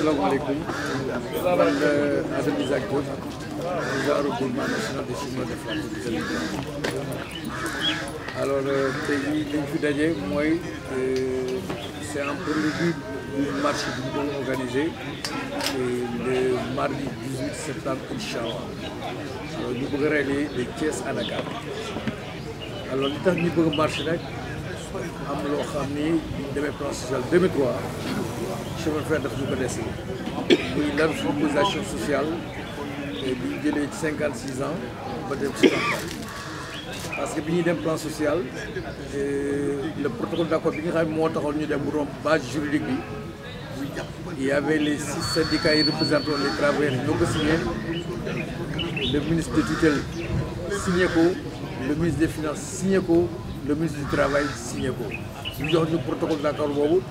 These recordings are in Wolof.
salaamaaleykum man Adama Isaac Diop président regroupement national des cheminots de France alors euh, tey jii li ñu fi daje mooy euh, est en prélude d'une marche bu ñu doon organisé euh, le mardi septembre incha allah alors ñu bëgg de Thiès à Dakar alors li tax ñu bëgg a marché am loo xam ni ñu demee plan social 2003. chemin de fer daf ñu ko dese muy l'arborisation sociale bi ñu jëlee cinquante six ans ba dem parce que bi ñuy dem plan social le protocole d'accord bi nga xam ne moo taxoon ñu dem romb base juridique bi il y avait les six syndicats yi représentant les travailleurs ñoo ko signé le ministre de tutelle signé ko le ministre des finance signé ko le ministre du travail signé ko ñu jox ñu protocole boobu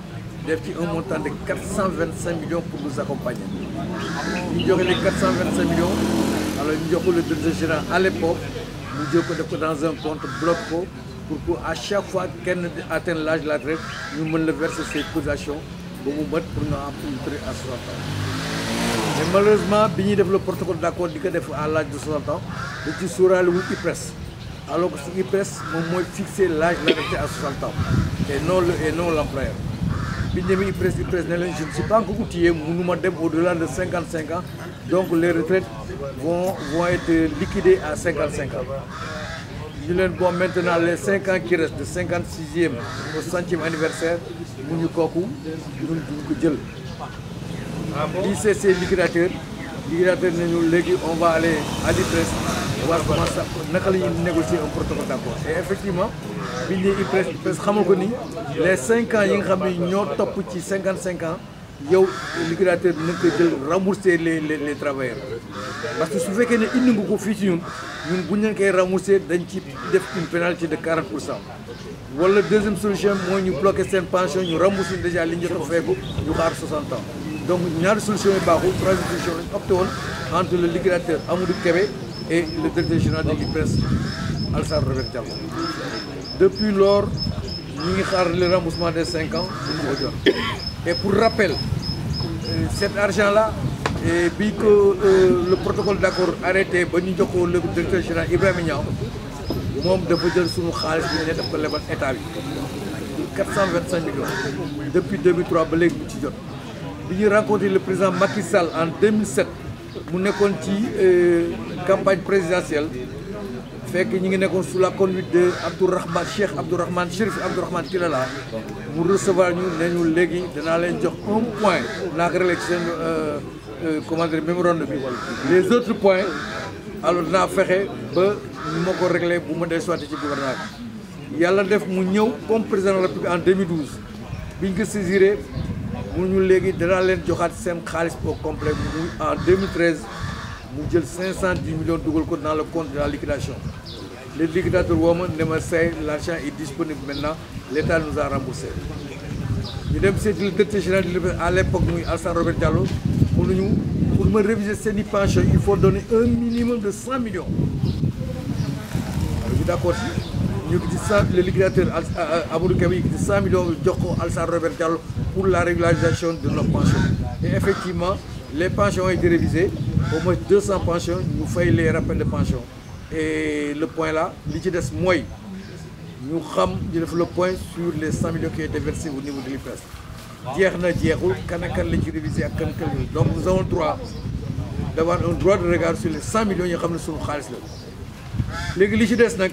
def ci un montant de 425 millions pour nous accompagner ñu joxe les 425 millions alors ñu jox ko le directeur général à l'époque mu jël ko def ko dans un compte bloc pour que à chaque fois kenn atteint l'âge de la retraite ñu mën la verser ses cotisations ba mu mat pour nga am une retraite à 60 ans mais malheureusement bi ñuy def le protocole d'accord di ko def à l'âge de 60 ans da ci sóoraale wu IPRES alors que su IPRES moom mooy fixer l'âge de la retraite à 60 et non l'employeur biñ demee IPRES IPRES ne leen je ne suis pas encore au-delà de cinquante cinq ans donc les retraites vont être liquidées à cinquante cinq ans ñu bon maintenant les cinq ans qui de cinquante sixième au centième anniversaire mu ñu kooku ñun duñ ko jël l'ICC liquidateur libérateur nañu léegi on va aller à l'IPRES war commencer naka la ñuy négocier un protocole d'accord et effectivement biñ ne IPRES IPRES xamal ko ni les cinq ans yi nga xam ne ñoo topp ci cinquante cinq ans yow liquidateur bi na nga koy jël rembourser les les les parce que su fekkee ne indi nga ko fii ci ñun ñun bu ñu leen koy rembourser dañ ci def une pénalité de 40 pour cent wala deuxième solution mooy ñu bloquer seen pension ñu rembourser déjà li ñu jot a feeku ñu xaar 60 ans. donc ñaari solution yi baaxul troisième solution lañ opté woon entre le liquidateur Amadou Kébé et le directeur général de l'IPRES Alassane Robert Diallo depuis lors ñu ngi xaar le remboursement des cinq ans bu ñu ko jot et pour rappel euh, cet argent là bi que euh, le protocole d'accord arrêté ba ñu jox ko le directeur général Ibrahima Niang moom dafa jël suñu xaalis bi ne daf ko lebal état bi 425 millions depuis 2003 ba léegi ñu ci jot bi ñuy rencontré le président Macky Sall en 2007 mu nekkoon ci euh, campagne présidentielle fekk ñi ngi nekkoon sous la conduite de Abdourahmane Cheikh Abdourahmane Chérif Abdourahmane Tilala mu recevoir ñu ne ñu léegi danaa leen jox un point naa ko réglé seen euh, euh, comment dire mémorandum bi les autres points alors dinaa fexe ba ñu ma ko réglé bu ma dee soité ci gouvernement yàlla def mu ñëw comme président de la en 2012 biñ ko saisiré mu ñu léegi danaa leen joxaat seen xaalis au complet muy en 2013 mu jël 510 millions dugal ko dans le compte de la liquidation le liquidateur woo ma ne ma say l'argent est disponible maintenant l'état nous a remboursé ñu dem seeti le directeur e à l'époque muy Alassane Robert Diallo pour ma réviser seen i pension il faut donner un minimum de 100 millions alors ñu d'accord si ñu ngi ci cent le liquidateur euh, euh, Amadou Kébé yi ngi millions jox ko Robert Diallo pour la régularisation de nos pensions et effectivement les pensions ont été révisées au moins deux cent pensions ñu fay les rappels de pension et le point là li ci des mooy ñu xam ñu def le point sur les cent millions qui ont été versés au niveau de l'IPRES jeex na jeexul kan ak kan lañ ci révisé ak kan kan donc nous avons droit de regard sur les cent millions yi xam ne suñu xaalis la léegi li ci des nag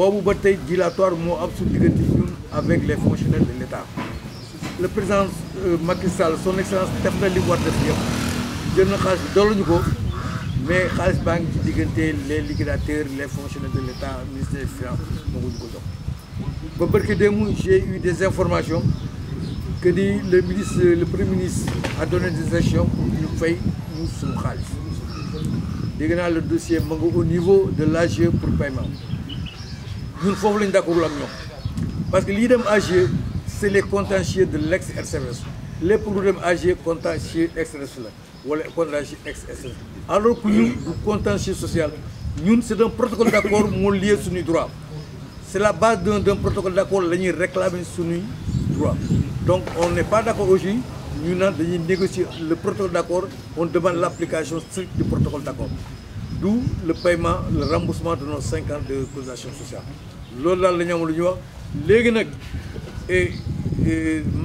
boobu ba tey dilatoire moo am suñu diggante ñun avec les fonctionnaires de l'État le président euh, Macky Sall son excellence def na li war def yëpp na xaalis bi dolluñu ko mais xaalis baa ngi diggante les liquidateurs les fonctionnaires de l'État ministère des finances moo ñu ko jox ba barke démb j'ai eu des informations que di le ministre le premier ministre a donné des instructions pour ñu fay ñu suñu xaalis dégg le dossier ma nga au niveau de l'AGE pour paiement ñun foofu lañ d'accordul ak ñoom parce que lii dem AG c' est les contentieux de l' ex RCRS lépp lu dem AG ex RCRS la wala contentieux ex RCRS alors que ñun du contentieux social ñun c' est un protocole d' accord moo lié suñuy droit c' est la base d'un d'un protocole d' accord la ñuy réclamer suñuy droit donc on n'est pas d' accord aujourd'hui ñu naan dañuy négocier le protocole d' on demande l' application stricte du protocole d' accord d'où le paiement le remboursement de nos cinq ans de cotisation sociale loolu daal lañu ñu am lu ñuy wax léegi nag et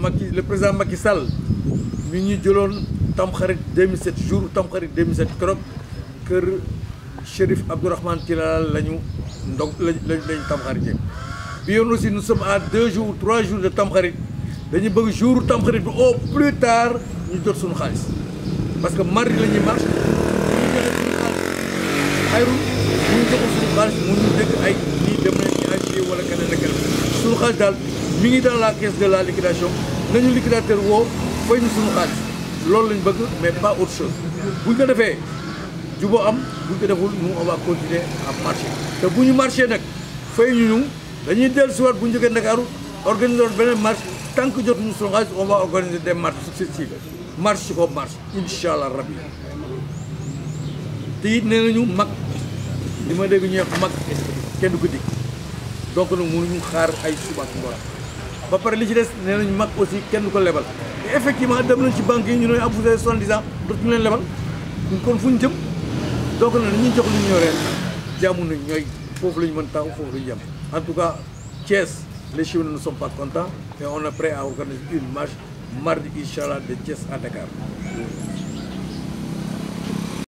Macky le président Macky Sall mi ñu jëloon tamxarit 2007 jour tamxarit 2007 keroog kër Chérif Abdourahmane Tilala la ñu ndog lañ lañ lañ tamxaritee bi yoon aussi nous à deux jours trois jours de tamxarit dañu bëgg jour tamxarit bi au plus tard ñu jot suñu xaalis parce que mardi la marche xayrun bu ñu joxul suñu xaalis mu ñu dëkk ay nii dem nañ ci ay wala keneen ak keneen suñu xaalis daal mi ngi dans la caisse de la liquidation nañu liquidateur woo fay ñu suñu xaalis loolu lañ bëgg mais pas autre chose bu ñu defee juboo am bu ñu ko te bu ñu marché nag fay ñu ñu dañuy dellu si waat bu ñu jógee Ndakaaru organiser woon beneen marche tant que jotuñu suñu xaalis on va organiser des marches successives marche ko marche incha allah rabbi te it nee nañu mag li ma dégg ñu wax mag kenn du ko dig donc nag mënuñu xaar ay suba ak ba pare li ci des nee nañu mag aussi kenn du ko lebal te effectivement dem nañ ci banque yi ñu ne ah vous avez soixante-dix ans dootuñu leen lebal kon fu ñu jëm donc nag dañuy jox lu ñuy ñoreel jàmm nañ ñooy foofu lañu ñu mën taxaw foofu la ñu en tout cas Thiès les Chinois ne sont pas contents et on est prêt à une marche mardi incha de Thiès à Dakar.